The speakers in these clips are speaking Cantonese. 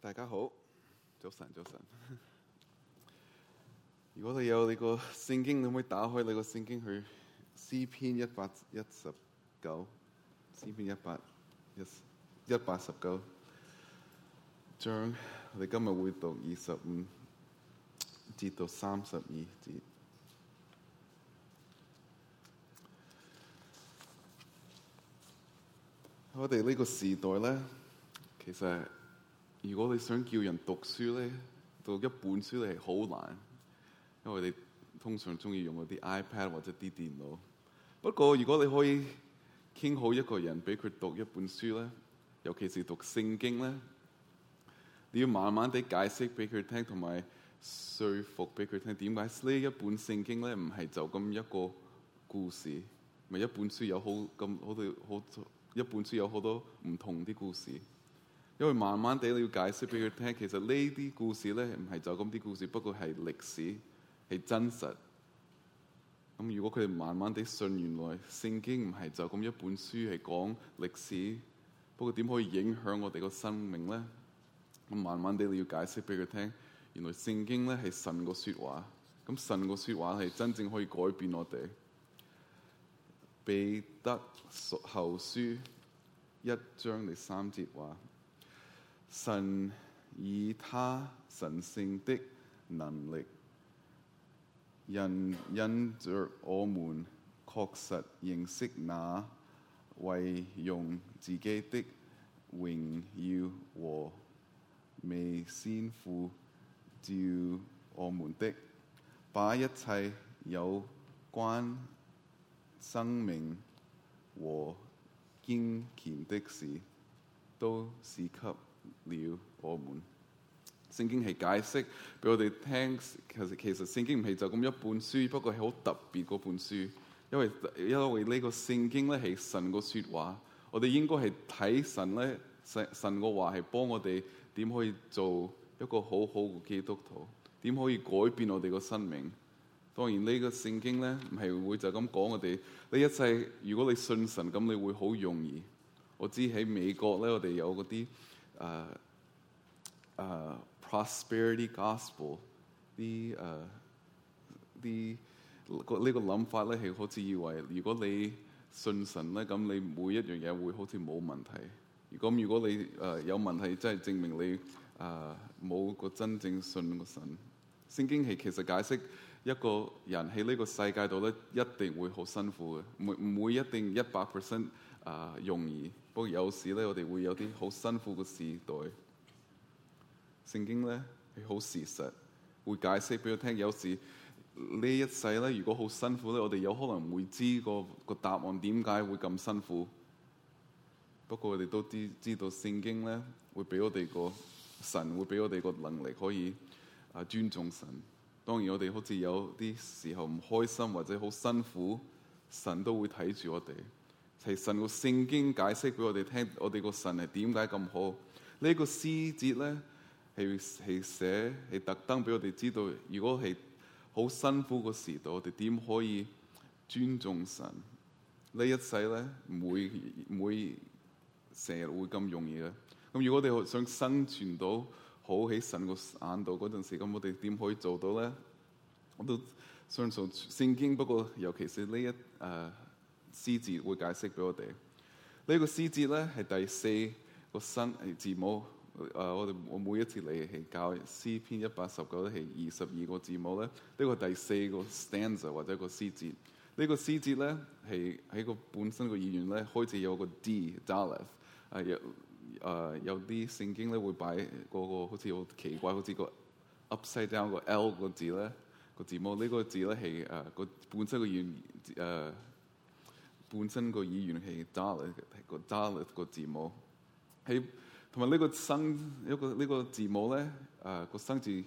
大家好，早晨，早晨。如果你有你個聖經，你可唔可以打開你個聖經去詩篇一百一十九，詩篇一百一十九，將我哋今日會讀二十五節到三十二節。我哋呢個時代呢，其實。如果你想叫人讀書咧，讀一本書係好難，因為你通常中意用嗰啲 iPad 或者啲電腦。不過如果你可以傾好一個人，俾佢讀一本書咧，尤其是讀聖經咧，你要慢慢地解釋俾佢聽，同埋說服俾佢聽，點解呢一本聖經咧唔係就咁一個故事，咪、就是、一本書有好咁好多好，一本書有好多唔同啲故事。因為慢慢地你要解釋俾佢聽，其實呢啲故事呢，唔係就咁啲故事，不過係歷史，係真實。咁如果佢哋慢慢地信，原來聖經唔係就咁一本書，係講歷史，不過點可以影響我哋個生命呢？咁慢慢地你要解釋俾佢聽，原來聖經呢係神個說話，咁神個說話係真正可以改變我哋。彼得後書一章第三節話。神以祂神聖的能力，因著我們確實認識那位用自己的榮耀和美善呼召我們的，把一切有關生命和敬虔的事，都賜給。了，我們聖經係解釋俾我哋聽。其實其實聖經唔係就咁一本書，不過係好特別嗰本書。因為因為呢個聖經咧係神個說話，我哋應該係睇神咧，神神個話係幫我哋點可以做一個好好嘅基督徒，點可以改變我哋個生命。當然呢個聖經咧唔係會就咁講我哋呢一世。如果你信神，咁你會好容易。我知喺美國咧，我哋有嗰啲。啊、uh, uh,，prosperity gospel，the、uh, the 呢個諗法咧係好似以為，如果你信神咧，咁你每一樣嘢會好似冇問題。如果如果你誒有問題，即係證明你誒冇個真正信個神。聖經係其實解釋一個人喺呢個世界度咧，一定會好辛苦嘅，唔唔會一定一百 percent。啊，容易。不過有時咧，我哋會有啲好辛苦嘅時代。聖經咧係好事實，會解釋俾我聽。有時呢一世咧，如果好辛苦咧，我哋有可能會知、嗰個、嗰個答案點解會咁辛苦。不過我哋都知知道聖呢，聖經咧會俾我哋個神會俾我哋個能力，可以啊尊重神。當然，我哋好似有啲時候唔開心或者好辛苦，神都會睇住我哋。係神個聖經解釋俾我哋聽，我哋個神係點解咁好？呢個詩節咧，係係寫係特登俾我哋知道，如果係好辛苦個時代，我哋點可以尊重神？呢一世咧，唔會唔會成日會咁容易嘅。咁如果我哋想生存到好喺神個眼度嗰陣時，咁我哋點可以做到咧？我都相信聖經不過尤其是呢一誒。呃詩字會解釋俾我哋，這個、C 呢個詩字咧係第四個新字母。誒、呃，我哋我每一次嚟係教詩篇一百十九係二十二個字母咧，呢、這個第四個 stanza 或者個詩字。這個、C 字呢個詩字咧係喺個本身個語言咧開始有個 D，Daleth、呃。有啲聖、呃、經咧會擺個個好似好奇怪，好似個 Upside down 個 L 個字咧個字母。呢、這個字咧係誒個本身個語言誒。呃本身語言 ith，個意願係 Daleth 個 Daleth 個，個字母，喺同埋呢個生一個呢個字母咧、這個，誒、那個生字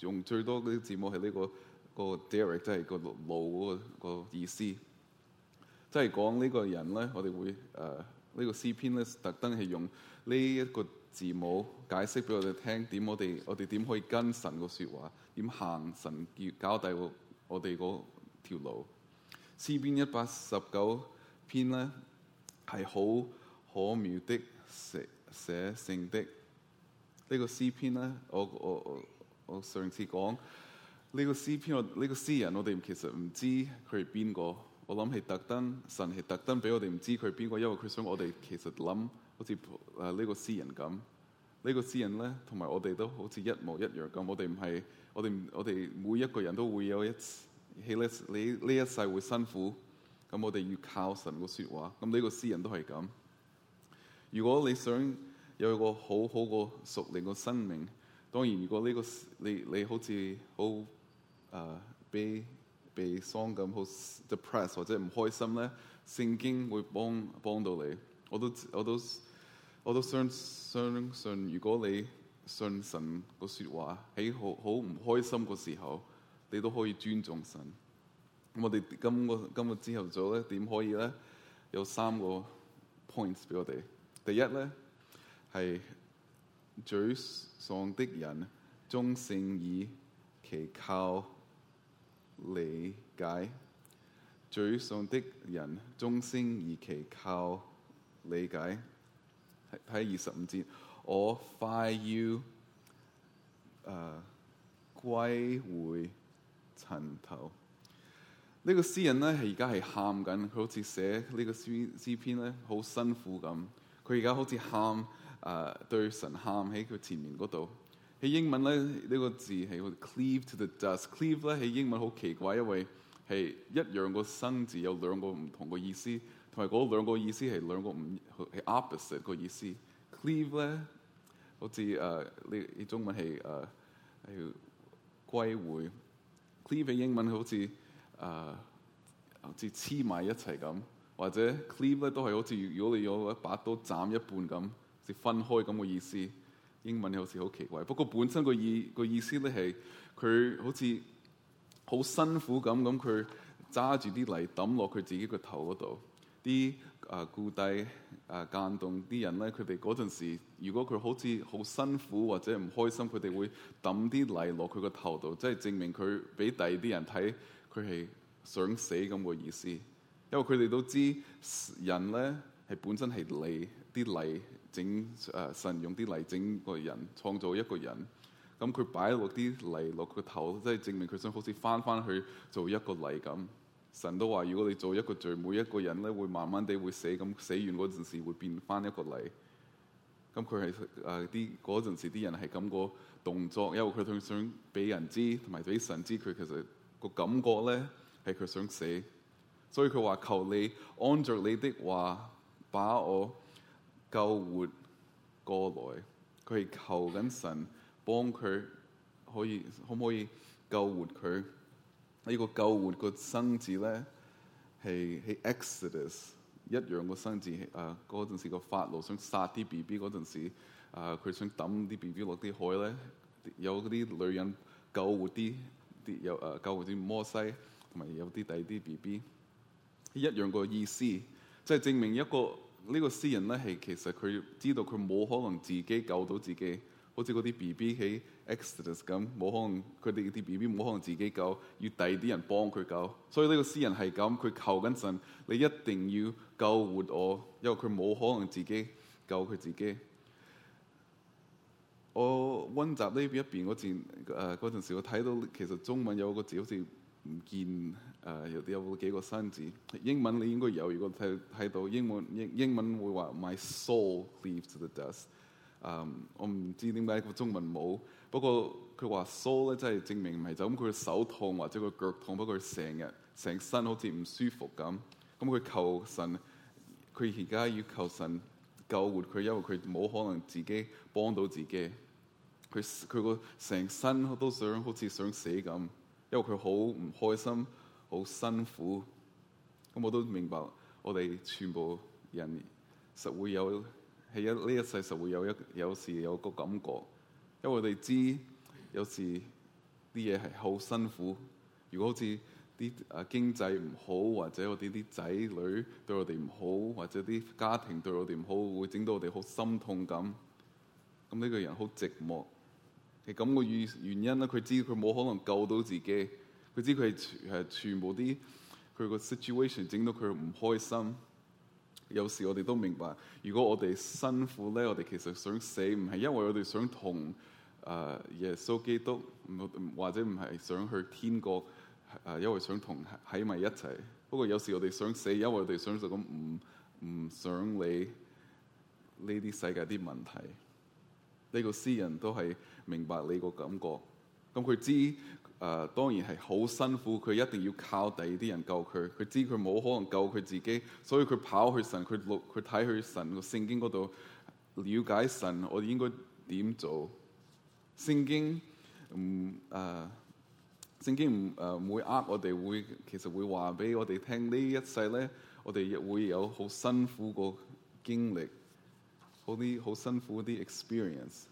用最多啲字母係呢個個 derek，即係個路個個意思，即係講呢個人咧，我哋會誒、呃這個、呢個詩篇咧，特登係用呢一個字母解釋俾我哋聽點我哋我哋點可以跟神個說話，點行神交大我我哋條路。詩篇一百十九篇咧係好可妙的寫寫成的、呢個、呢個詩篇咧，我我我上次講呢、呢個詩篇，我呢、呢個詩人我哋其實唔知佢係邊個，我諗係特登神係特登俾我哋唔知佢係邊個，因為佢想我哋其實諗好似誒呢個詩人咁，呢個詩人咧同埋我哋都好似一模一樣咁，我哋唔係我哋我哋每一個人都會有一。起咧、hey, 你呢一世會辛苦，咁我哋要靠神個說話。咁呢個詩人都係咁。如果你想有一個好好個屬靈個生命，當然如果呢、這個你你好似好誒，悲悲傷咁好 depressed 或者唔開心咧，聖經會幫幫到你。我都我都我都相相信，如果你信神個說話喺好好唔開心個時候。你都可以尊重神。我哋今個今個朝頭早咧，點可以咧？有三個 points 俾我哋。第一咧係沮喪的人忠性以其靠理解。沮喪的人忠性以其靠理解。睇下二十五節，我快要誒、呃、歸回。塵頭，呢、這個詩人咧係而家係喊緊，佢好似寫呢個詩詩篇咧好辛苦咁。佢而家好似喊誒，對神喊喺佢前面嗰度。喺英文咧呢、這個字係 cleave to the dust，cleave 咧喺英文好奇怪，因為係一樣個生字有兩個唔同個意思，同埋嗰兩個意思係兩個唔係 opposite 個意思。cleave 咧好似誒呢啲中文係誒、呃、歸回。Cleave 英文好似誒好似黐埋一齊咁，或者 cleave 咧都係好似如果你有一把刀斬一半咁，即分開咁嘅意思。英文又好似好奇怪，不過本身個意個意思咧係佢好似好辛苦咁，咁佢揸住啲泥抌落佢自己個頭嗰度。啲啊故帝啊間動啲人咧，佢哋嗰陣時，如果佢好似好辛苦或者唔開心，佢哋會抌啲泥落佢個頭度，即係證明佢俾第二啲人睇，佢係想死咁個意思。因為佢哋都知人咧係本身係泥，啲泥整誒、呃、神用啲泥整個人創造一個人，咁佢擺落啲泥落佢個頭，即係證明佢想好似翻翻去做一個泥咁。神都話：如果你做一個罪，每一個人咧會慢慢地會死，咁死完嗰陣時會變翻一個泥。咁佢係誒啲嗰陣時啲人係咁個動作，因為佢想想俾人知同埋俾神知，佢其實、那個感覺咧係佢想死。所以佢話：求你按着你的話把我救活過來。佢係求緊神幫佢可以可唔可以救活佢？呢個救活個生字咧，係喺 Exodus 一樣個生字。誒嗰陣時個法老想殺啲 B B 嗰陣時，佢、呃、想抌啲 B B 落啲海咧，有嗰啲女人救活啲啲有誒、呃、救活啲摩西，同埋有啲帶啲 B B，一樣個意思，即係證明一個、這個、詩呢個詩人咧係其實佢知道佢冇可能自己救到自己。好似嗰啲 B B 喺 Exodus 咁，冇可能佢哋啲 B B 冇可能自己救，要第二啲人幫佢救。所以呢個詩人係咁，佢求緊神，你一定要救活我，因為佢冇可能自己救佢自己。我溫習呢一邊嗰字，誒嗰陣時我睇到其實中文有個字好似唔見，誒、呃、有有幾個生字。英文你應該有，如果睇睇到英文英英文會話 My soul cleaves to the dust。嗯，um，我唔知點解個中文冇。不過佢話痠咧，真係證明唔係就咁。佢嘅手痛或者佢腳痛，不過佢成日成身好似唔舒服咁。咁佢求神，佢而家要求神救活佢，因為佢冇可能自己幫到自己。佢佢個成身都想好似想死咁，因為佢好唔開心，好辛苦。咁我都明白，我哋全部人實會有。係一呢一世，就會有一有時有個感覺，因為我哋知有時啲嘢係好辛苦。如果好似啲啊經濟唔好，或者我哋啲仔女對我哋唔好，或者啲家庭對我哋唔好，會整到我哋好心痛咁。咁、這、呢個人好寂寞，係咁嘅原原因啦。佢知佢冇可能救到自己，佢知佢係全係全部啲佢個 situation 整到佢唔開心。有時我哋都明白，如果我哋辛苦咧，我哋其實想死，唔係因為我哋想同誒耶穌基督，唔或者唔係想去天國誒，因為想同喺埋一齊。不過有時我哋想死，因為我哋想就咁唔唔想理呢啲世界啲問題。呢個詩人都係明白你個感覺，咁佢知。誒、uh, 當然係好辛苦，佢一定要靠第二啲人救佢。佢知佢冇可能救佢自己，所以佢跑去神。佢錄佢睇去神嘅聖經嗰度，了解神。我哋應該點做？聖經唔誒，聖、嗯 uh, 經唔誒唔會呃我哋，會其實會話俾我哋聽。呢一世咧，我哋亦會有好辛苦嘅經歷，好啲好辛苦啲 experience。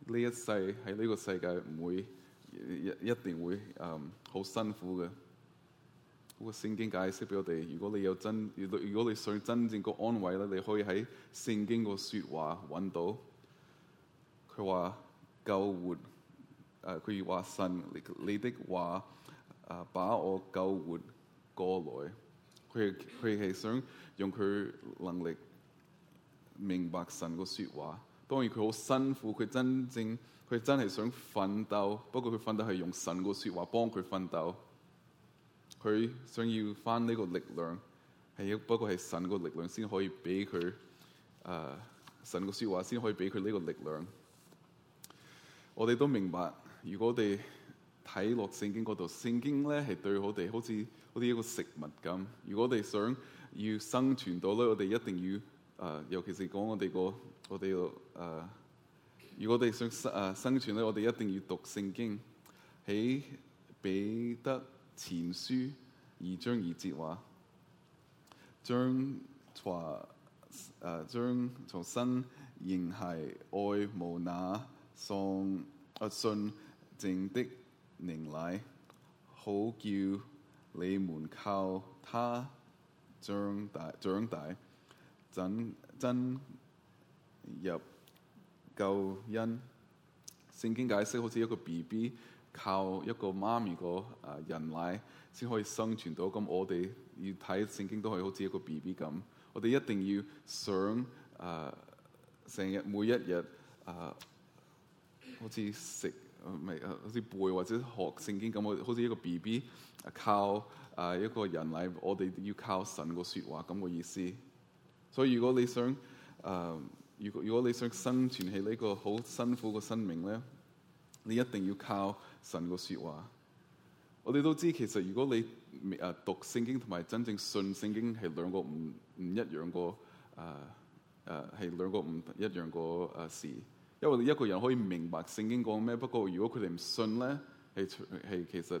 呢一世喺呢個世界唔會。一一定會嗯好、um, 辛苦嘅，嗰、那個聖經解釋俾我哋。如果你有真，如果如果你想真正個安慰咧，你可以喺聖經個說話揾到。佢話救活，誒佢話神你你的話，誒、啊、把我救活過來。佢佢其實想用佢能力明白神個說話。當然佢好辛苦，佢真正。佢真係想奮鬥，不過佢奮鬥係用神個說話幫佢奮鬥。佢想要返呢個力量，係不過係神個力量先可以俾佢。誒、呃，神個說話先可以俾佢呢個力量。我哋都明白，如果我哋睇落聖經嗰度，聖經咧係對我哋好似好似一個食物咁。如果我哋想要生存到咧，我哋一定要誒、呃，尤其是講我哋個我哋個誒。呃如果我哋想生啊生存，我哋一定要讀聖經。喺彼得前書二章二節話：將話誒，將從生嬰孩愛慕那送啊純淨的靈奶，好叫你們靠他長大長大，真真入。救恩，聖經解釋，好似一個 B B 靠一個媽咪個誒人奶先可以生存到。咁我哋要睇聖經都可以好似一個 B B 咁，我哋一定要想，誒、呃、成日每一日誒、呃，好似食唔係，好似背或者學聖經咁。我好似一個 B B 靠誒、呃、一個人奶，我哋要靠神個說話咁個意思。所以如果你想誒。呃如果如果你想生存喺呢個好辛苦嘅生命咧，你一定要靠神個說話。我哋都知其實如果你未啊讀聖經同埋真正信聖經係兩個唔唔一樣個誒誒係兩個唔一樣個誒、啊、事，因為你一個人可以明白聖經講咩，不過如果佢哋唔信咧，係係其實誒、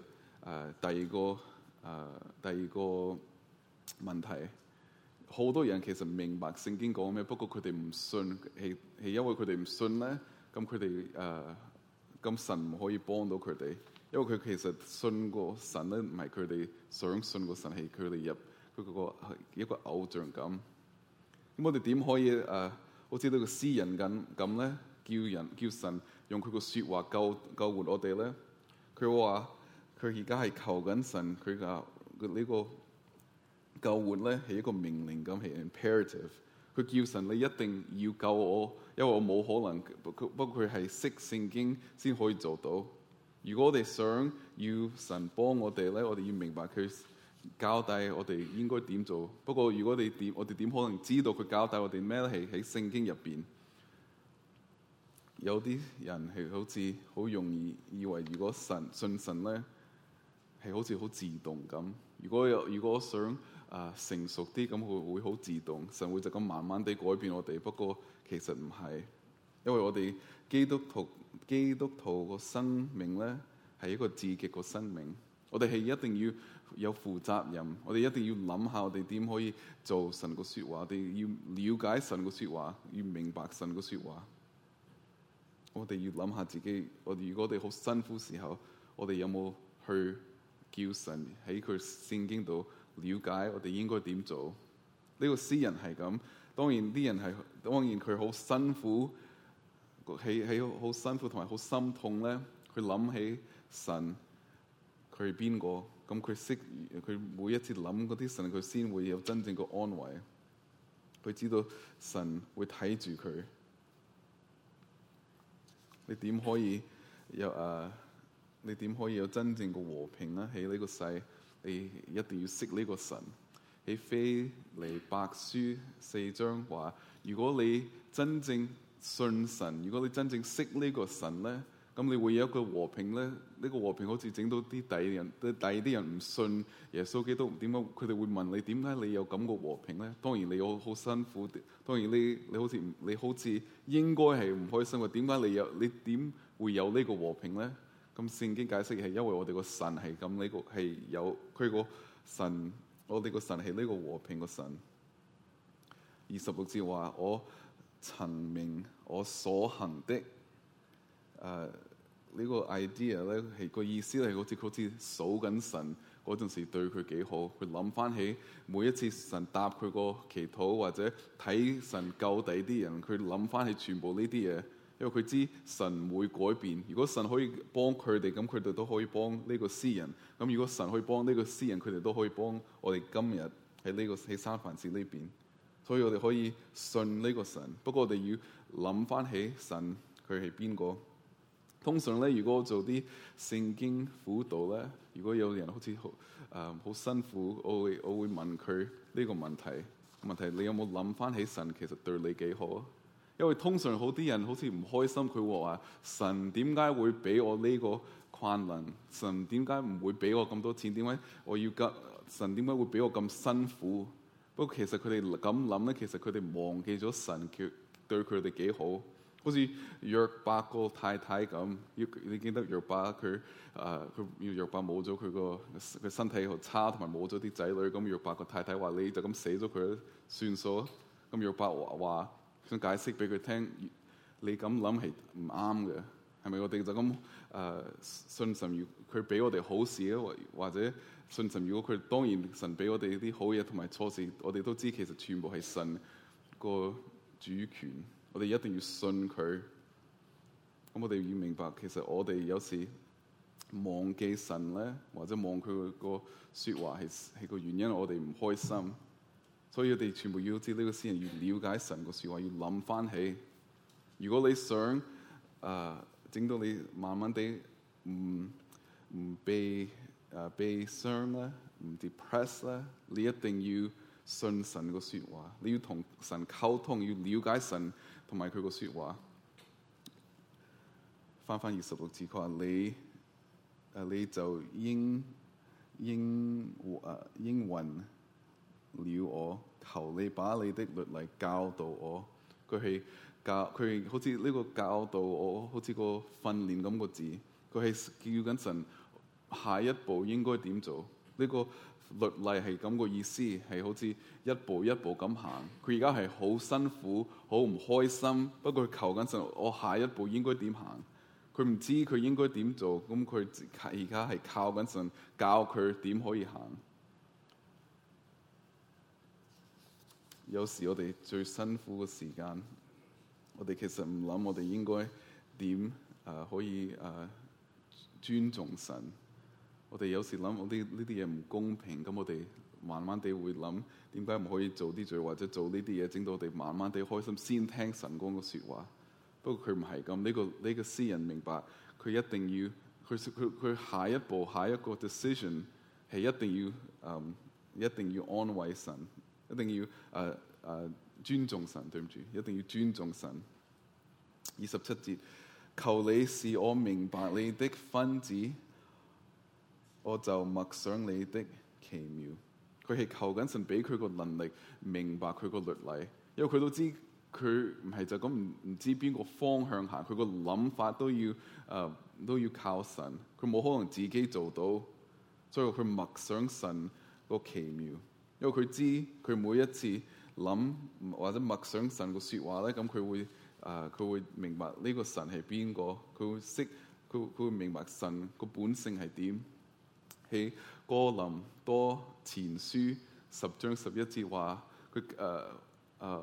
啊、第二個誒、啊、第二個問題。好多人其實明白聖經講咩，不過佢哋唔信，係係因為佢哋唔信咧。咁佢哋誒，咁、呃、神唔可以幫到佢哋，因為佢其實信個神咧，唔係佢哋想信個神，係佢哋入佢嗰個係一個偶像咁。咁我哋點可以誒、呃，好似呢個詩人咁咁咧，叫人叫神用佢個説話救救活我哋咧？佢話佢而家係求緊神，佢話佢呢個。救援咧係一個命令咁，係 imperative。佢叫神，你一定要救我，因為我冇可能不不不佢係識聖經先可以做到。如果我哋想要神幫我哋咧，我哋要明白佢交代我哋應該點做。不過如果你點，我哋點可能知道佢交代我哋咩咧？係喺聖經入邊。有啲人係好似好容易以為，如果神信神咧係好似好自動咁。如果有如果想。啊，成熟啲咁，佢會好自動，神會就咁慢慢地改變我哋。不過其實唔係，因為我哋基督徒基督徒個生命咧係一個自極個生命，我哋係一定要有負責任，我哋一定要諗下我哋點可以做神個説話，我哋要了解神個説話，要明白神個説話。我哋要諗下自己，我哋如果我哋好辛苦時候，我哋有冇去？叫神喺佢聖經度了解我哋應該點做？呢個詩人係咁，當然啲人係，當然佢好辛苦，喺喺好辛苦同埋好心痛咧。佢諗起神，佢係邊個？咁佢識，佢每一次諗嗰啲神，佢先會有真正嘅安慰。佢知道神會睇住佢，你點可以有誒？Uh, 你點可以有真正嘅和平咧？喺呢個世，你一定要識呢個神喺《腓立比書》四章話：如果你真正信神，如果你真正識呢個神咧，咁你會有一個和平咧。呢個和平好似整到啲第人，第啲人唔信耶穌基督，點解佢哋會問你？點解你有咁嘅和平咧？當然你好好辛苦，當然你你好似你好似應該係唔開心㗎。點解你有？你點會有呢個和平咧？咁聖經解釋係因為我哋，這個哦這個神係咁呢個係有佢個神，我哋個神係呢個和平個神。二十六節話，我陳明我所行的。誒、呃這個、呢個 idea 咧係個意思係好似好似數緊神陣時對佢幾好，佢諗翻起，每一次神答佢個祈禱或者睇神救底啲人，佢諗翻起全部呢啲嘢。因為佢知神會改變，如果神可以幫佢哋，咁佢哋都可以幫呢個詩人。咁如果神可以幫呢個詩人，佢哋都可以幫我哋今日喺呢個喺三藩市呢邊。所以我哋可以信呢個神。不過我哋要諗翻起神佢係邊個。通常咧，如果我做啲聖經輔導咧，如果有人好似好誒好辛苦，我會我會問佢呢個問題：問題你有冇諗翻起神其實對你幾好？因為通常好啲人好似唔開心，佢話神點解會俾我呢個困難？神點解唔會俾我咁多錢？點解我要咁？神點解會俾我咁辛苦？不過其實佢哋咁諗咧，其實佢哋忘記咗神佢對佢哋幾好。好似約伯個太太咁，要你記得約伯佢誒佢，約伯冇咗佢個佢身體好差，同埋冇咗啲仔女咁。約伯個太太話：你就咁死咗佢算數啦。咁約伯話：，想解釋俾佢聽，你咁諗係唔啱嘅，係咪？我哋就咁誒信神如，如佢俾我哋好事咧，或或者信神如，如果佢當然神俾我哋啲好嘢同埋錯事，我哋都知其實全部係神個主權，我哋一定要信佢。咁我哋要明白，其實我哋有時忘記神咧，或者忘佢個説話係係個原因，我哋唔開心。所以我哋全部要知呢個詩人要了解神個説話，要諗翻起。如果你想，誒整到你慢慢地唔唔悲、誒悲、呃、傷咧、唔 depress 咧，你一定要信神個説話。你要同神溝通，要了解神同埋佢個説話。翻翻二十六節，佢話你，誒你就應應誒、呃、應運，了我，求你把你的律例教導我。佢係教佢，好似呢個教導我，好似個訓練咁個字。佢係叫緊神，下一步應該點做？呢個律例係咁個意思，係好似一步一步咁行。佢而家係好辛苦，好唔開心，不過佢求緊神，我下一步應該點行？佢唔知佢應該點做，咁佢而家係靠緊神教佢點可以行。有時我哋最辛苦嘅時間，我哋其實唔諗我哋應該點誒、呃、可以誒、呃、尊重神。我哋有時諗我啲呢啲嘢唔公平，咁我哋慢慢地會諗，點解唔可以做啲罪，或者做呢啲嘢，整到我哋慢慢地開心，先聽神講嘅說話。不過佢唔係咁，呢、呢個呢、呢個詩人明白，佢一定要，佢佢佢下一步下一個 decision 係一定要誒、嗯，一定要安慰神。一定要誒誒、uh, uh, 尊重神，對唔住，一定要尊重神。二十七節，求你使我明白你的訓詞，我就默想你的奇妙。佢係求緊神俾佢個能力明白佢個律例，因為佢都知佢唔係就咁唔唔知邊個方向行，佢個諗法都要誒、uh, 都要靠神，佢冇可能自己做到，所以佢默想神個奇妙。因為佢知佢每一次諗或者默想神個說話咧，咁佢會誒佢、呃、會明白呢個神係邊個，佢會識佢佢會明白神個本性係點。喺哥林多前書十章十一節話佢誒誒，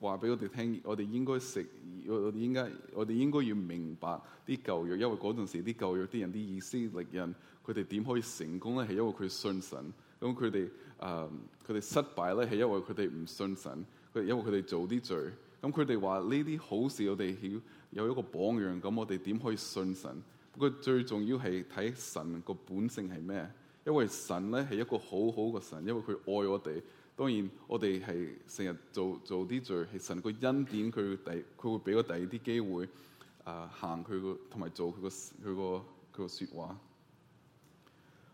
話俾我哋聽，我哋應該食，我哋應該我哋應該要明白啲舊約，因為嗰陣時啲舊約啲人啲以色列人，佢哋點可以成功咧？係因為佢信神。咁佢哋誒佢哋失敗咧，係因為佢哋唔信神，佢因為佢哋做啲罪。咁佢哋話呢啲好事，我哋要有一個榜樣。咁我哋點可以信神？不過最重要係睇神個本性係咩？因為神咧係一個好好嘅神，因為佢愛我哋。當然我哋係成日做做啲罪，係神個恩典，佢第佢會俾我第二啲機會誒、呃、行佢個同埋做佢個佢個佢個説話。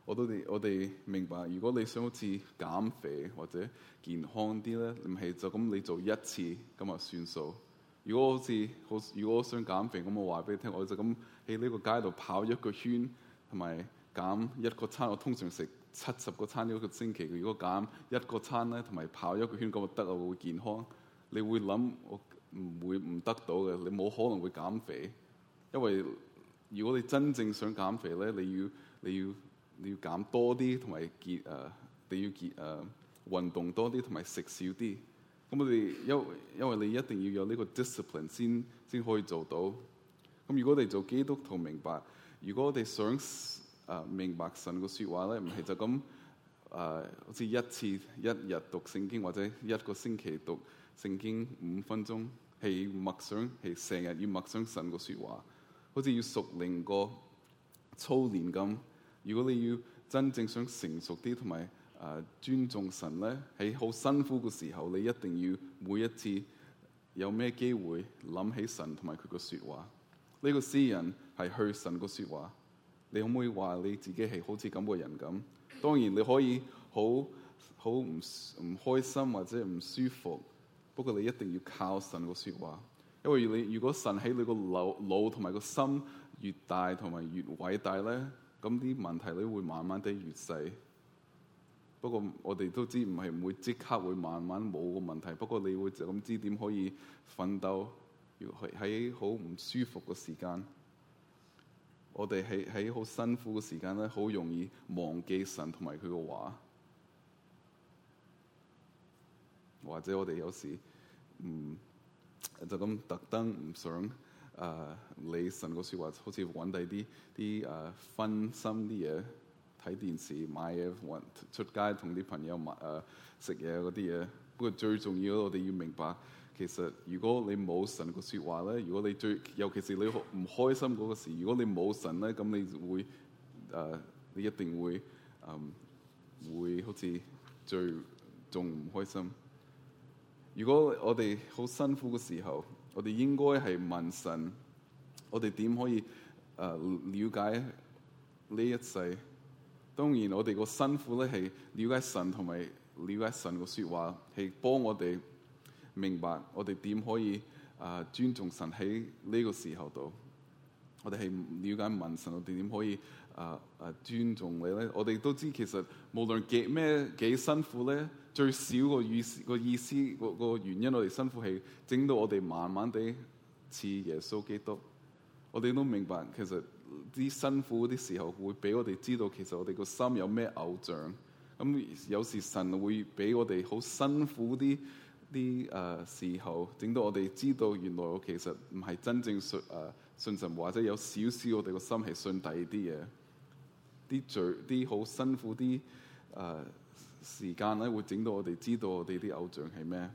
我都哋我哋明白，如果你想好似減肥或者健康啲咧，唔係就咁你做一次咁啊算數。如果好似好，如果我想減肥，咁我話俾你聽，我就咁喺呢個街道跑一個圈，同埋減一個餐。我通常食七十個餐一個星期。如果減一個餐咧，同埋跑一個圈咁就得啊，會健康。你會諗我唔會唔得到嘅，你冇可能會減肥。因為如果你真正想減肥咧，你要你要。你要減多啲，同埋結誒，uh, 你要結誒、uh, 運動多啲，同埋食少啲。咁我哋因因為你一定要有呢個 discipline 先先可以做到。咁如果我哋做基督徒明白，如果我哋想誒、uh, 明白神個説話咧，唔係就咁誒，uh, 好似一次一日讀聖經，或者一個星期讀聖經五分鐘，係默想，係成日要默想神個説話，好似要熟練個操練咁。如果你要真正想成熟啲，同埋誒尊重神咧，喺好辛苦嘅時候，你一定要每一次有咩機會諗起神同埋佢個說話。呢個詩人係去神個說話，你可唔可以話你自己係好似咁個人咁？當然你可以好好唔唔開心，或者唔舒服，不過你一定要靠神個說話，因為你如果神喺你個腦腦同埋個心越大同埋越偉大咧。咁啲問題你會慢慢地越細，不過我哋都知唔係唔會即刻會慢慢冇個問題。不過你會就咁知點可以奮鬥，要喺喺好唔舒服嘅時間，我哋喺喺好辛苦嘅時間咧，好容易忘記神同埋佢嘅話，或者我哋有時嗯就咁特登唔想。誒，你、uh, 神個說話，好似搵第啲啲誒分心啲嘢，睇、uh, 電視、買嘢、玩出街，同啲朋友買誒食嘢嗰啲嘢。不過最重要，我哋要明白，其實如果你冇神個說話咧，如果你最尤其是你好唔開心嗰個時，如果你冇神咧，咁你會誒，uh, 你一定會嗯、um, 會好似最仲唔開心。如果我哋好辛苦嘅時候，我哋應該係問神，我哋點可以誒、呃、了解呢一世？當然，我哋個辛苦咧，係了解神，同埋了解神嘅說話，係幫我哋明白我哋點可以誒、呃、尊重神喺呢個時候度。我哋係了解問神，我哋點可以誒誒、呃、尊重你咧？我哋都知其實無論幾咩幾辛苦咧。最少個意思個意思個原因，我哋辛苦起，整到我哋慢慢地似耶穌基督。我哋都明白，其實啲辛苦啲時候會俾我哋知道，其實我哋個心有咩偶像。咁有時神會俾我哋好辛苦啲啲誒時候，整到我哋知道原來我其實唔係真正信誒信神，或者有少少我哋個心係信第二啲嘢。啲罪啲好辛苦啲誒。時間咧會整到我哋知道我哋啲偶像係咩，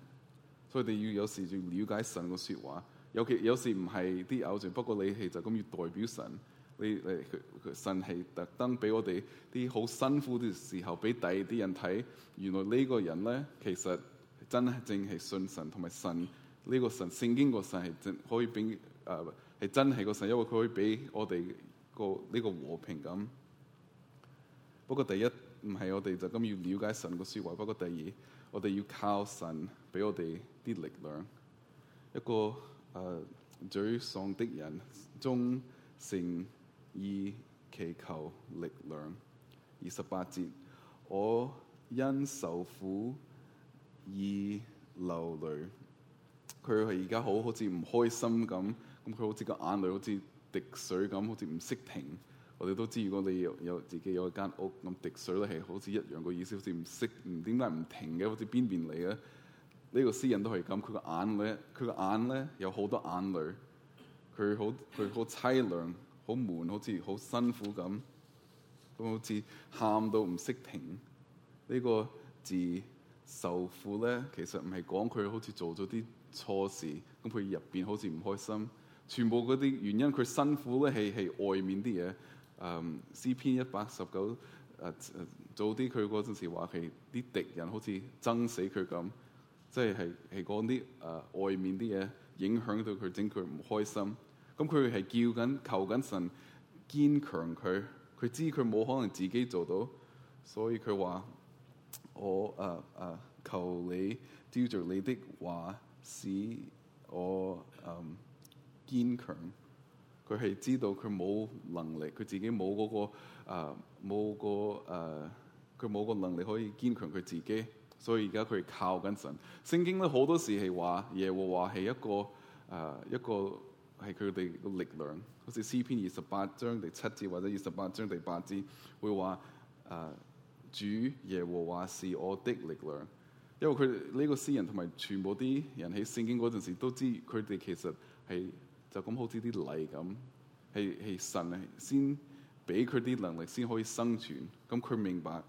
所以你要有時要了解神個說話，尤其有時唔係啲偶像，不過你係就咁要代表神，你你神係特登俾我哋啲好辛苦嘅時候俾第二啲人睇，原來呢個人咧其實真係正係信神，同埋神呢、呢個神聖經個神係真可以俾誒係真係個神，因為佢可以俾我哋個呢個和平感。不過第一。唔係我哋就咁要了解神嘅說話，不過第二，我哋要靠神俾我哋啲力量。一個誒，uh，沮喪的人，忠誠意祈求力量。二十八節，我因受苦而流淚。佢係而家好好似唔開心咁，咁佢好似個眼淚好似滴水咁，好似唔識停。我哋都知，如果你有自己有一間屋咁滴水咧，係好似一樣個意思，好似唔識唔點解唔停嘅，這個，好似邊邊嚟嘅？呢個詩人都係咁，佢個眼咧，佢個眼咧有好多眼淚，佢好佢好淒涼，好悶，好似好辛苦咁，咁好似喊到唔識停。呢、這個字受苦咧，其實唔係講佢好似做咗啲錯事，咁佢入邊好似唔開心，全部嗰啲原因，佢辛苦咧係係外面啲嘢。嗯，詩篇一百十九，誒早啲佢嗰陣時話係啲敵人好似憎死佢咁，即係係講啲誒外面啲嘢影響到佢，整佢唔開心。咁佢係叫緊求緊神堅強佢，佢知佢冇可能自己做到，所以佢話：我誒誒，uh, uh, 求你照住你的話，使我誒堅強。Um, 佢係知道佢冇能力，佢自己冇嗰、嗰個冇、呃嗰個誒，佢、呃、冇個能力可以堅強佢自己，所以而家佢係靠緊神。聖經咧好多時係話耶和華係一個誒、呃、一個係佢哋嘅力量，好似詩篇二十八章第七節或者二十八章第八節會話誒、呃、主耶和華是我的力量，因為佢呢、呢個詩人同埋全部啲人喺聖經嗰陣時都知佢哋其實係。就咁好似啲泥咁，係係神先俾佢啲能力，先可以生存。咁佢明白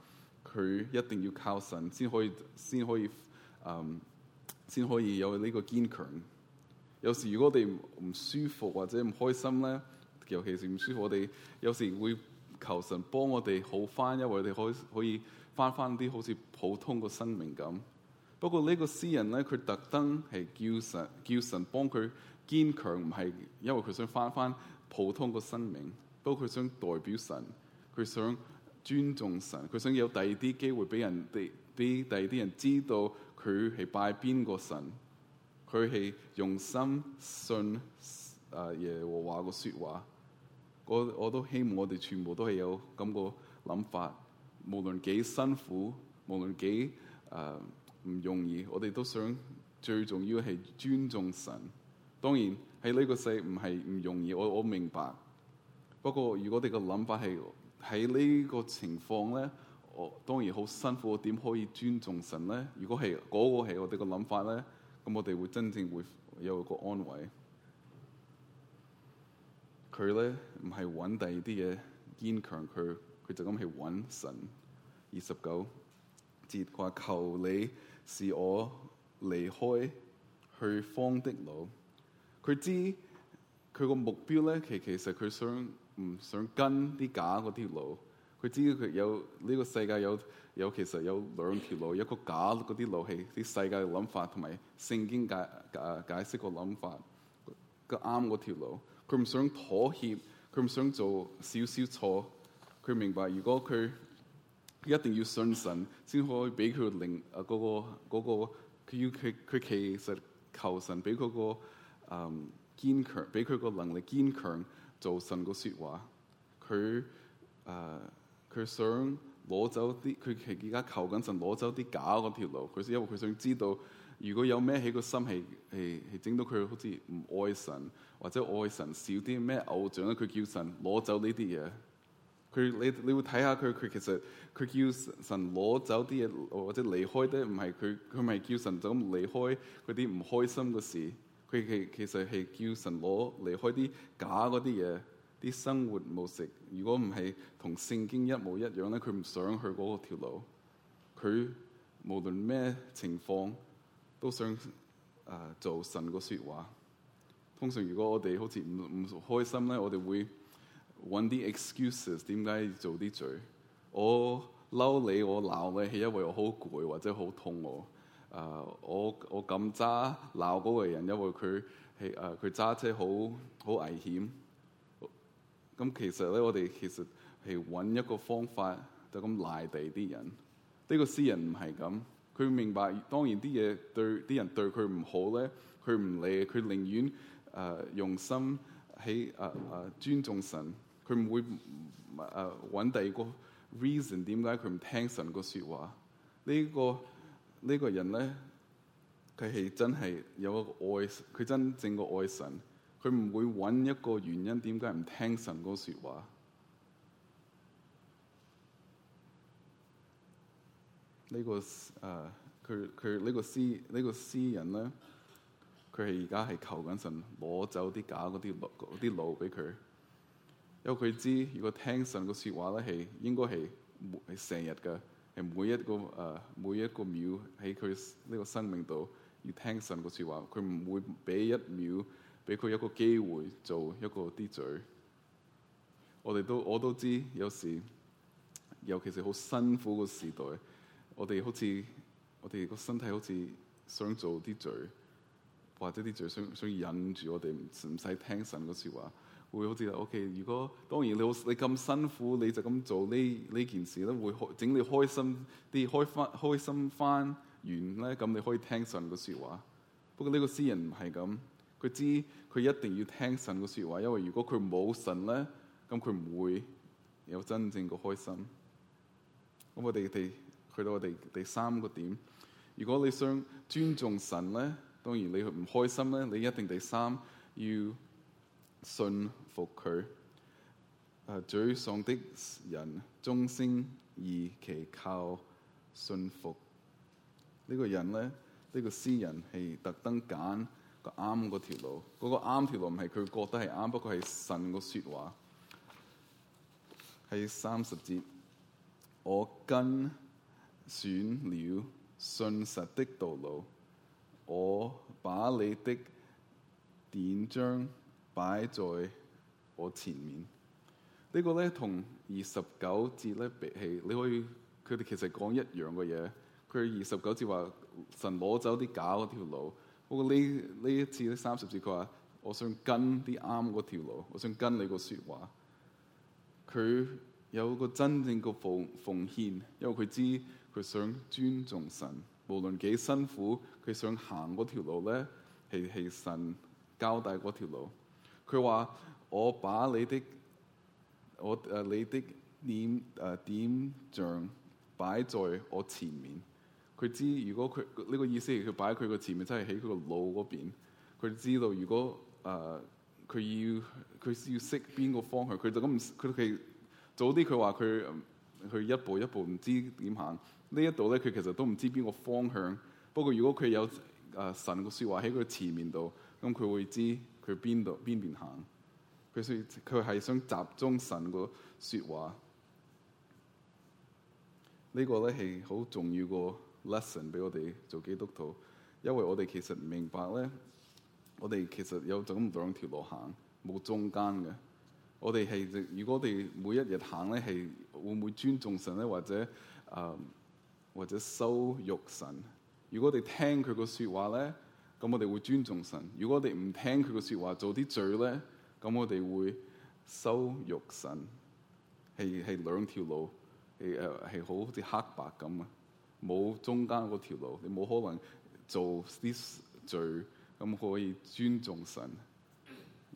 佢一定要靠神，先可以先可以，嗯，先可以有呢個堅強。有時如果我哋唔舒服或者唔開心咧，尤其是唔舒服，我哋有時會求神幫我哋好翻，因為我哋可以可以翻翻啲好似普通個生命咁。不過個詩呢個詩人咧，佢特登係叫神，叫神幫佢。堅強唔係因為佢想翻翻普通個生命，不過佢想代表神，佢想尊重神，佢想有第二啲機會俾人哋俾第二啲人知道佢係拜邊個神，佢係用心信啊耶和華個說話。我我都希望我哋全部都係有咁個諗法，無論幾辛苦，無論幾誒唔容易，我哋都想最重要係尊重神。當然喺呢個世唔係唔容易，我我明白。不過如果我哋個諗法係喺呢個情況咧，我當然好辛苦，我點可以尊重神咧？如果係嗰、這個係我哋個諗法咧，咁我哋會真正會有個安慰。佢咧唔係揾第二啲嘢堅強，佢佢就咁去揾神。二十九節話：求你使我離開虛謊的路。佢知佢個目標咧，其其實佢想唔想跟啲假嗰條路？佢知道佢有呢個世界有有，其實有兩條路，一個假嗰啲路係啲世界嘅諗法，同埋聖經解解解釋個諗法，個啱嗰條路。佢唔想妥協，佢唔想做少少錯。佢明白，如果佢一定要信神，先可以俾佢靈啊，嗰個嗰個，佢要佢佢其實求神俾佢個。嗯，堅強，um，俾佢個能力堅強做神個説話，佢誒佢想攞走啲，佢而家求緊神攞走啲假嗰條路。佢因為佢想知道如果有咩喺個心係係係整到佢好似唔愛神，或者愛神少啲咩偶像咧，佢叫神攞走呢啲嘢，佢你你會睇下佢，佢其實佢叫神攞走啲嘢，或者離開啲，唔係佢佢咪叫神就咁離開嗰啲唔開心嘅事。其其實係叫神攞離開啲假嗰啲嘢，啲生活冇食。如果唔係同聖經一模一樣咧，佢唔想去嗰個條路。佢無論咩情況都想誒、呃、做神個說話。通常如果我哋好似唔唔開心咧，我哋會揾啲 excuses 點解要做啲罪？我嬲你，我鬧你，係因為我好攰或者好痛我。誒、uh，我我咁揸鬧嗰個人，因為佢係誒佢揸車好好危險。咁其實咧，我哋其實係揾一個方法，就咁賴地啲人。呢、這個詩人唔係咁，佢明白，當然啲嘢對啲人對佢唔好咧，佢唔理，佢寧願誒用心喺誒誒尊重神，佢唔會誒揾、uh, 第二個 reason 點解佢唔聽神個說話呢、這個。呢個人咧，佢係真係有一個愛，佢真正嘅愛神，佢唔會揾一個原因點解唔聽神個説話。這個啊這個這個、人呢個誒，佢佢呢個詩呢個詩人咧，佢係而家係求緊神攞走啲假嗰啲路啲路俾佢，因為佢知如果聽神嘅説話咧，係應該係成日噶。係每一個誒每一個秒喺佢呢個生命度要聽神個説話，佢唔會俾一秒俾佢一個機會做一個啲罪。我哋都我都知有時，尤其是好辛苦個時代，我哋好似我哋個身體好似想做啲罪，或者啲罪想想引住我哋唔使聽神個説話。會好似話 OK，如果當然你你咁辛苦，你就咁做呢呢件事咧，會開整你開心啲，開翻開心翻完咧，咁你可以聽神嘅說話。不過呢個詩人唔係咁，佢知佢一定要聽神嘅說話，因為如果佢冇神咧，咁佢唔會有真正嘅開心。咁我哋哋去到我哋第三個點，如果你想尊重神咧，當然你唔開心咧，你一定第三要。信服佢，誒沮喪的人，忠心而其靠信服呢、這個人咧，呢、這個詩人係特登揀個啱嗰條路，嗰、那個啱條路唔係佢覺得係啱，不過係神個說話。係三十節，我跟選了信實的道路，我把你的典章。擺在我前面，這個、呢個咧同二十九節咧比起，你可以佢哋其實講一樣嘅嘢。佢二十九節話神攞走啲假嗰條路，不過呢呢一次呢三十節佢話，我想跟啲啱嗰條路，我想跟你個説話。佢有個真正嘅奉奉獻，因為佢知佢想尊重神，無論幾辛苦，佢想行嗰條路咧係係神交代嗰條路。佢話：我把你的我誒你的點誒、呃、典章擺在我前面。佢知如果佢呢個意思，佢擺喺佢個前面，即係喺佢個腦嗰邊。佢知道如果誒佢、這個就是呃、要佢要識邊個方向，佢就咁。佢佢早啲佢話佢佢一步一步唔知點行。呢一度咧，佢其實都唔知邊個方向。不過如果佢有誒、呃、神嘅説話喺佢前面度，咁佢會知。去邊度邊邊行？佢想佢係想集中神個説話。這個、呢個咧係好重要個 lesson 俾我哋做基督徒，因為我哋其實唔明白咧，我哋其實有咁兩條路行，冇中間嘅。我哋係如果我哋每一日行咧，係會唔會尊重神咧？或者誒、呃、或者羞辱神？如果我哋聽佢個説話咧？咁我哋會尊重神。如果我哋唔聽佢個說話，做啲罪咧，咁我哋會羞辱神。係係兩條路，係誒係好似黑白咁啊，冇中間嗰條路，你冇可能做啲罪，咁可以尊重神。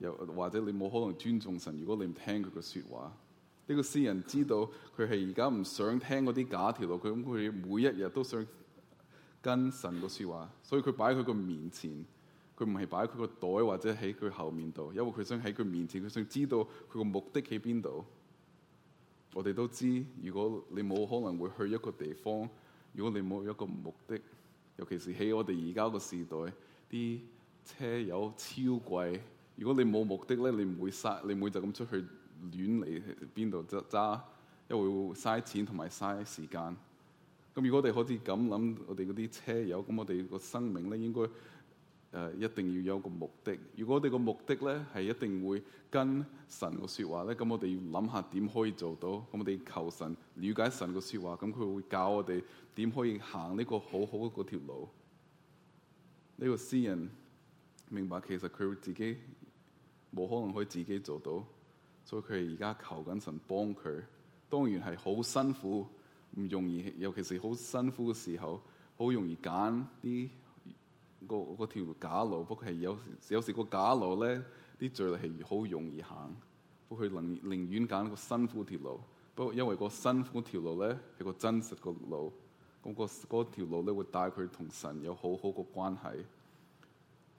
又或者你冇可能尊重神。如果你唔聽佢個說話，呢個詩人知道佢係而家唔想聽嗰啲假條路，佢咁佢每一日都想跟神嘅説話，所以佢擺喺佢個面前，佢唔係擺喺佢個袋或者喺佢後面度，因為佢想喺佢面前，佢想知道佢個目的喺邊度。我哋都知，如果你冇可能會去一個地方，如果你冇一個目的，尤其是喺我哋而家個時代，啲車油超貴，如果你冇目的咧，你唔會嘥，你唔會就咁出去亂嚟邊度揸揸，因為會嘥錢同埋嘥時間。咁如果我哋好似咁諗，我哋嗰啲車友，咁我哋個生命咧，應該誒、呃、一定要有個目的。如果我哋個目的咧係一定會跟神個說話咧，咁我哋要諗下點可以做到。咁我哋求神了解神個說話，咁佢會教我哋點可以行呢個好好嘅個條路。呢、這個詩人明白，其實佢自己冇可能可以自己做到，所以佢而家求緊神幫佢。當然係好辛苦。唔容易，尤其是好辛苦嘅時候，好容易揀啲個個條假路。不過係有有時，有時個假路咧，啲罪咧係好容易行。不過佢寧寧，寧願揀個辛苦條路，不過因為個辛苦條路咧係個真實個路。咁、嗰個嗰條路咧會帶佢同神有好好個關係。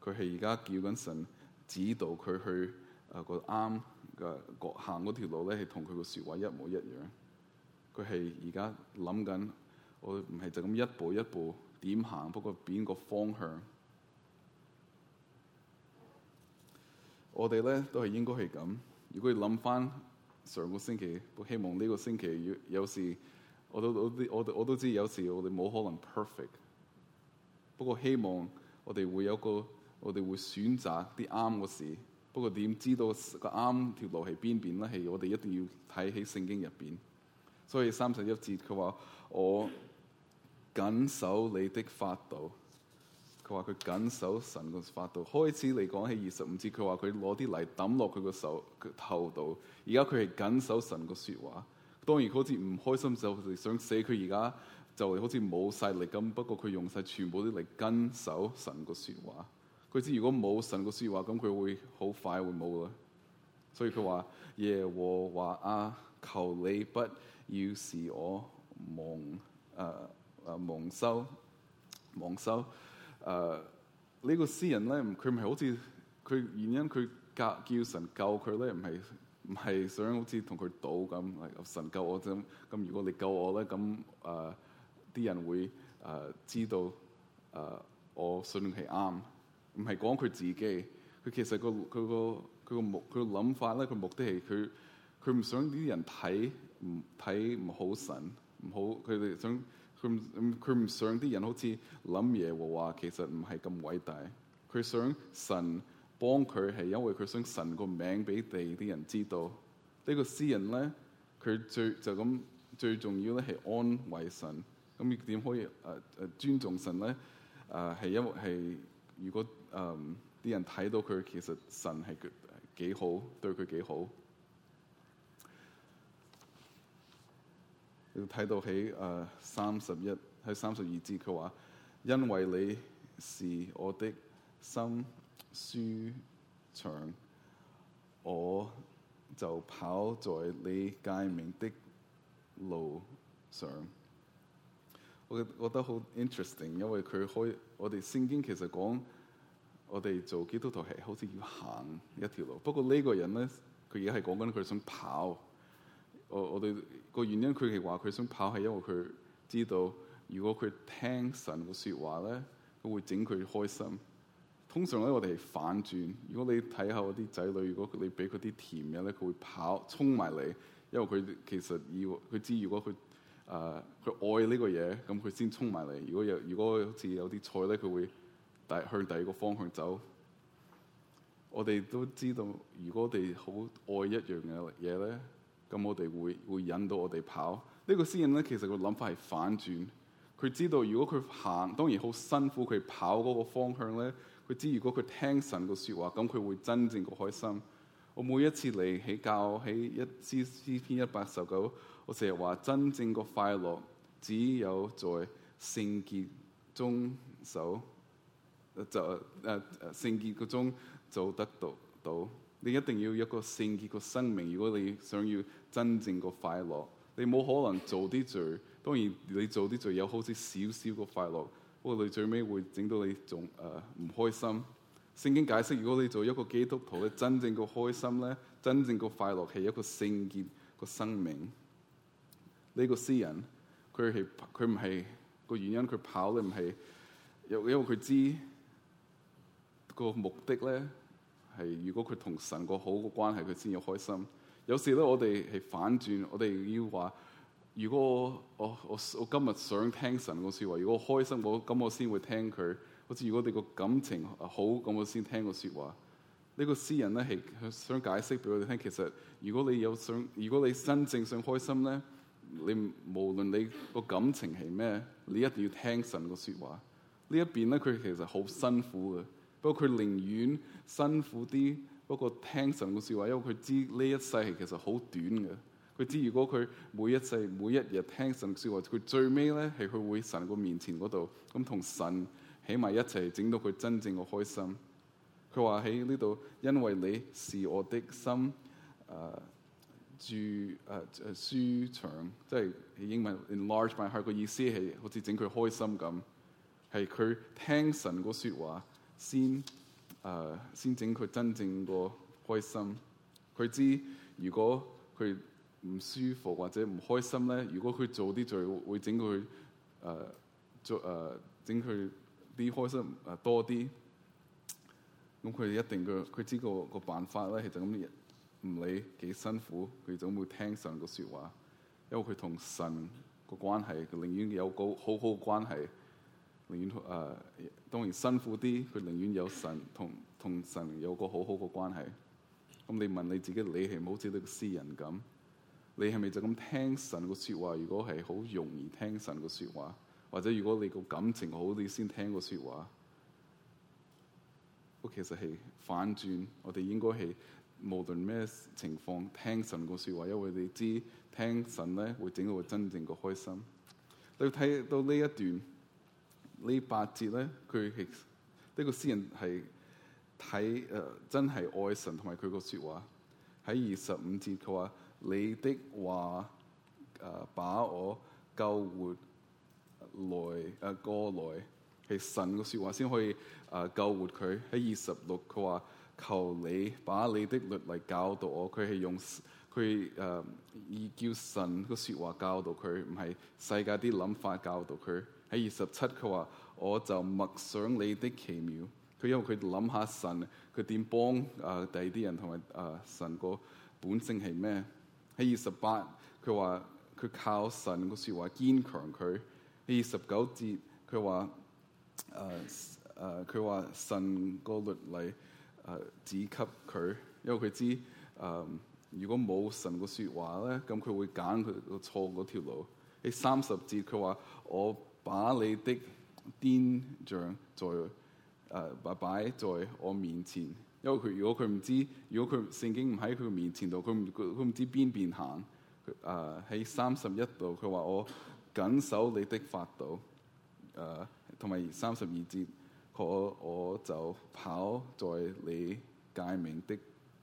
佢係而家叫緊神指導佢去誒、呃個啱嘅各行嗰條路咧，係同佢個說話一模一樣。佢係而家諗緊，我唔係就咁一步一步點行，不過變個方向。我哋咧都係應該係咁。如果諗翻上個星期，我希望呢個星期有有時，我都我都我都知有時我哋冇可能 perfect。不過希望我哋會有個我哋會選擇啲啱個事。不過點知道個啱條路喺邊邊咧？係我哋一定要睇起聖經入邊。所以三十一節佢話，我緊守你的法度，佢話佢緊守神個法度。開始嚟講喺二十五節佢話，佢攞啲泥抌落佢個手頭度，而家佢係緊守神個説話。當然佢好似唔開心就係想，想寫佢而家就好似冇晒力咁。不過佢用晒全部啲嚟跟守神個説話。佢知如果冇神個説話，咁佢會好快會冇啦。所以佢話耶和華啊，求你不。要是我蒙誒、誒，蒙羞蒙羞。誒，呢個詩人咧，佢唔係好似佢原因，佢叫神救佢咧，唔係唔係想好似同佢賭咁，神救我咋。咁如果你救我咧，咁誒啲人會、誒、呃、知道誒、呃、我信係啱，唔係講佢自己。佢其實個佢個佢個目佢諗法咧，佢目的係佢佢唔想啲人睇，唔睇唔好神，唔好佢哋想佢唔佢唔想啲人好似諗嘢話其實唔係咁偉大，佢想神幫佢係因為佢想神個名俾地啲人知道。個呢個詩人咧，佢最就咁最重要咧係安慰神。咁點可以誒誒、呃、尊重神咧？誒、呃、係因為係如果誒啲、呃、人睇到佢其實神係幾好，對佢幾好。要睇到喺誒三十一喺三十二節，佢話，因為你是我的心舒暢，我就跑在你誡命的路上。我覺得好 interesting，因為佢開我哋聖經其實講我哋做基督徒係好似要行一條路，不過呢個人咧，佢而家係講緊佢想跑。我我哋個原因，佢係話佢想跑係因為佢知道，如果佢聽神嘅説話咧，佢會整佢開心。通常咧，我哋係反轉。如果你睇下我啲仔女，如果你俾佢啲甜嘢咧，佢會跑衝埋嚟，因為佢其實要佢知如、呃，如果佢誒佢愛呢個嘢，咁佢先衝埋嚟。如果有如果好似有啲菜咧，佢會第去第二個方向走。我哋都知道，如果我哋好愛一樣嘅嘢咧，咁我哋會會引到我哋跑呢個詩人咧，其實個諗法係反轉。佢知道如果佢行，當然好辛苦。佢跑嗰個方向咧，佢知如果佢聽神個説話，咁佢會真正個開心。我每一次嚟起教起一詩詩篇一百十九，我成日話真正個快樂只有在聖潔中走，就誒誒聖潔個中就得到到。你一定要有一個聖潔個生命，如果你想要真正個快樂，你冇可能做啲罪。當然你做啲罪有好似少少個快樂，呃，不過你最尾會整到你仲誒唔開心。聖經解釋，如果你做一個基督徒咧，真正個開心咧，真正個快樂係一個聖潔個生命。呢、這個詩人佢係佢唔係個原因，佢跑你唔係，因為佢知個目的咧。係如果佢同神個好個關係，佢先要開心。有時咧，我哋係反轉，我哋要我我我話：如果我我我今日想聽神個說話，如果開心我咁，我先會聽佢。好似如果你個感情好，咁我先聽個說話。呢個詩人咧係想解釋俾我哋聽，其實如果你有想，如果你真正想開心咧，你無論你個感情係咩，你一定要聽神個說話。一邊呢一邊咧，佢其實好辛苦嘅。不過佢寧願辛苦啲，不過聽神嘅説話，因為佢知呢一世係其實好短嘅。佢知如果佢每一世每一日聽神嘅説話，佢最尾咧係佢會神個面前嗰度咁同神起埋一齊，整到佢真正嘅開心。佢話喺呢度，因為你是我的心，誒、呃、住誒舒、呃、長，即係英文 enlarge，my heart 個意思係好似整佢開心咁，係佢聽神個説話。先誒、呃，先整佢真正個開心。佢知如果佢唔舒服或者唔開心咧，如果佢做啲罪，會整佢誒做誒整佢啲開心誒、呃、多啲。咁佢一定嘅，佢知個個辦法咧，就咁唔理幾辛苦，佢總會聽神嘅説話，因為佢同神個關係，佢寧願有個好好嘅關係。寧願誒，當然辛苦啲，佢寧願有神同同神有個好好嘅關係。咁你問你自己，你係唔好似啲詩人咁？你係咪就咁聽神個說話？如果係好容易聽神個說話，或者如果你個感情好，你先聽個說話？咁其實係反轉，我哋應該係無論咩情況聽神個說話，因為你知聽神咧會整到真正個開心。你睇到呢一段。呢八節咧，佢係呢個詩人係睇誒，真係愛神同埋佢個說話。喺二十五節，佢話你的話誒把我救活來誒過、啊、來，係神個說話先可以誒、呃、救活佢。喺二十六，佢話求你把你的律例教導我，佢係用佢誒而叫神個說話教導佢，唔係世界啲諗法教導佢。喺二十七，佢話我就默想你的奇妙。佢因為佢諗下神，佢點幫啊第二啲人，同埋啊神個本性係咩？喺二十八，佢話佢靠神個說話堅強佢。喺二十九節，佢話誒誒，佢、呃、話、呃、神個律例誒只給佢，因為佢知誒、呃、如果冇神個說話咧，咁佢會揀佢個錯嗰條路。喺三十節，佢話我。把你的典章在誒擺擺在我面前，因為佢如果佢唔知，如果佢聖經唔喺佢面前、呃、度，佢唔佢佢唔知邊邊行。誒喺三十一度，佢話我緊守你的法度。誒同埋三十二節，我我就跑在你誡命的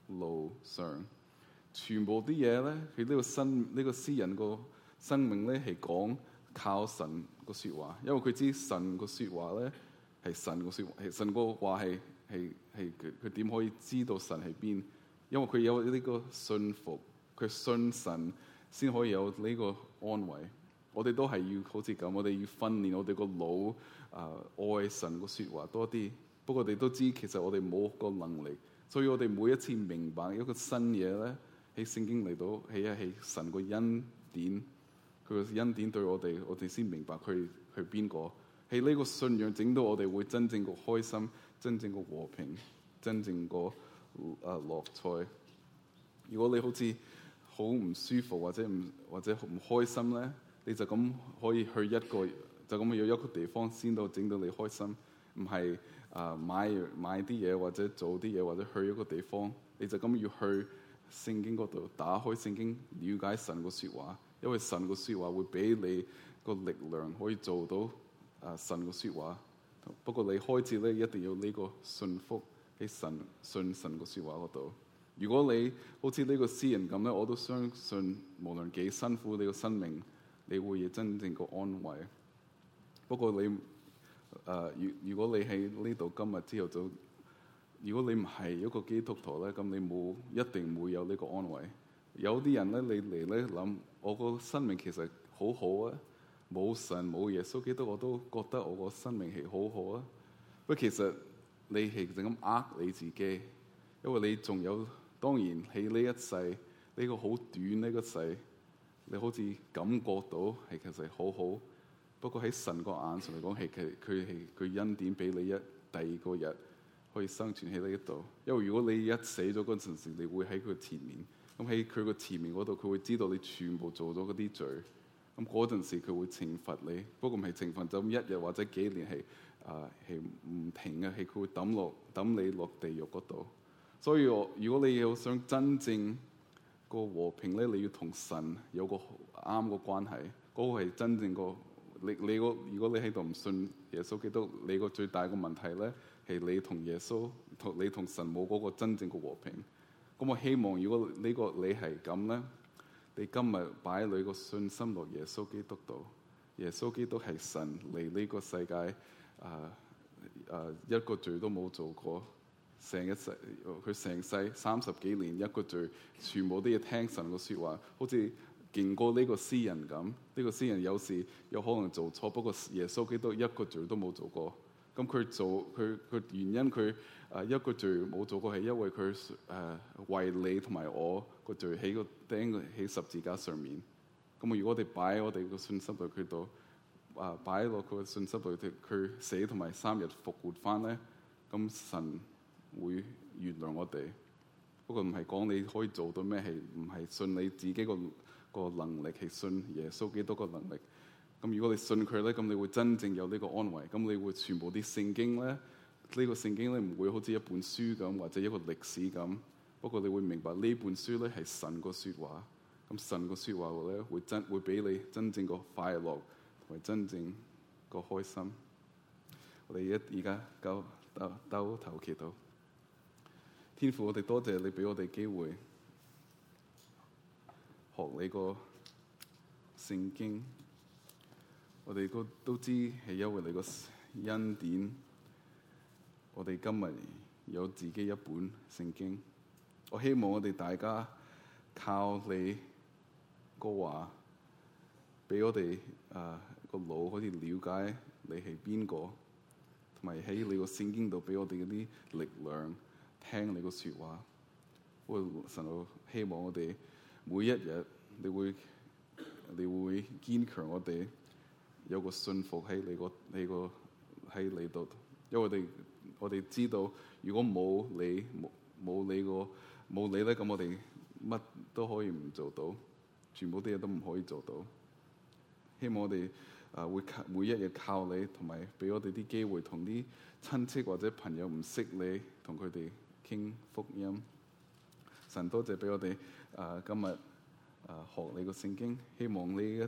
路上。全部啲嘢咧，佢、這、呢個生呢、這個詩人個生命咧係講。靠神個說話，因為佢知神個說話咧係神個說話，係神個話係係係佢，佢點可以知道神喺邊？因為佢有呢個信服，佢信神先可以有呢個安慰。我哋都係要好似咁，我哋要訓練我哋個腦啊、呃，愛神個說話多啲。不過我哋都知，其實我哋冇個能力，所以我哋每一次明白一個新嘢咧，喺聖經嚟到，起一起神個恩典。佢恩典對我哋，我哋先明白佢係邊個。喺呢個信仰整到我哋會真正個開心、真正個和平、真正個誒樂趣。如果你好似好唔舒服或者唔或者唔開心咧，你就咁可以去一個就咁要一個地方先到整到你開心。唔係誒買買啲嘢或者做啲嘢或者去一個地方，你就咁要去聖經嗰度打開聖經，了解神個說話。因為神個說話會俾你個力量，可以做到啊！神個說話，不過你開始咧一定要呢個信服喺神信神個說話嗰度。如果你好似呢個詩人咁咧，我都相信無論幾辛苦你，你個生命你會有真正個安慰。不過你誒，如、呃、如果你喺呢度今日之後就，如果你唔係一個基督徒咧，咁你冇一定唔會有呢個安慰。有啲人咧，你嚟咧諗，我個生命其實好好啊，冇神冇耶穌基督，我都覺得我個生命係好好啊。不過其實你係就咁呃你自己，因為你仲有當然喺呢一世呢個好短呢個世，你好似感覺到係其實好好。不過喺神個眼上嚟講，係佢佢係佢恩典俾你一第二個日可以生存喺呢一度。因為如果你一死咗嗰陣時，你會喺佢前面。咁喺佢個前面嗰度，佢會知道你全部做咗嗰啲罪。咁嗰陣時佢會懲罰你，不過唔係懲罰就咁、是、一日或者幾年係啊係唔停嘅，係佢會抌落抌你落地獄嗰度。所以我如果你要想真正個和平咧，你要同神有個啱嘅關係，嗰個係真正個。你你如果你喺度唔信耶穌基督，你個最大嘅問題咧係你同耶穌同你同神冇嗰個真正嘅和平。咁我希望如果呢個你係咁咧，你今日擺你個信心落耶穌基督度，耶穌基督係神嚟呢個世界，誒、呃、誒、呃、一個罪都冇做過，成一世佢成世三十幾年一個罪全部都要聽神個説話，好似見過呢個詩人咁，呢、這個詩人有時有可能做錯，不過耶穌基督一個罪都冇做過。咁佢做佢佢原因佢，誒一個罪冇做過，係因為佢誒、呃、為你同埋我個罪起個釘釘喺十字架上面。咁如果我哋擺我哋個信心喺佢度，啊擺落佢個信心度，佢死同埋三日復活翻咧，咁神會原諒我哋。不過唔係講你可以做到咩，係唔係信你自己個、個能力，係信耶穌基督嘅能力？咁如果你信佢咧，咁你會真正有呢個安慰。咁你會全部啲聖經咧，呢個聖經咧唔會好似一本書咁，或者一個歷史咁。不過你會明白呢本書咧係神個說話。咁神個說話咧會真會俾你真正個快樂同埋真正個開心。我哋一而家交兜頭祈禱。天父，我哋多謝你俾我哋機會學你個聖經。我哋都都知係因為你個恩典。我哋今日有自己一本聖經，我希望我哋大家靠你個話，俾我哋誒、呃、個腦可以了解你係邊個，同埋喺你個聖經度俾我哋嗰啲力量，聽你個説話。神，我好希望我哋每一日，你會你會堅強我哋。有個信服喺你個，你個喺你度，因為我哋我哋知道，如果冇你冇冇你個冇你咧，咁我哋乜都可以唔做到，全部啲嘢都唔可以做到。希望我哋啊、呃、會靠每一日靠你，同埋俾我哋啲機會同啲親戚或者朋友唔識你，同佢哋傾福音。神多謝俾我哋啊、呃、今日啊、呃、學你個聖經，希望呢一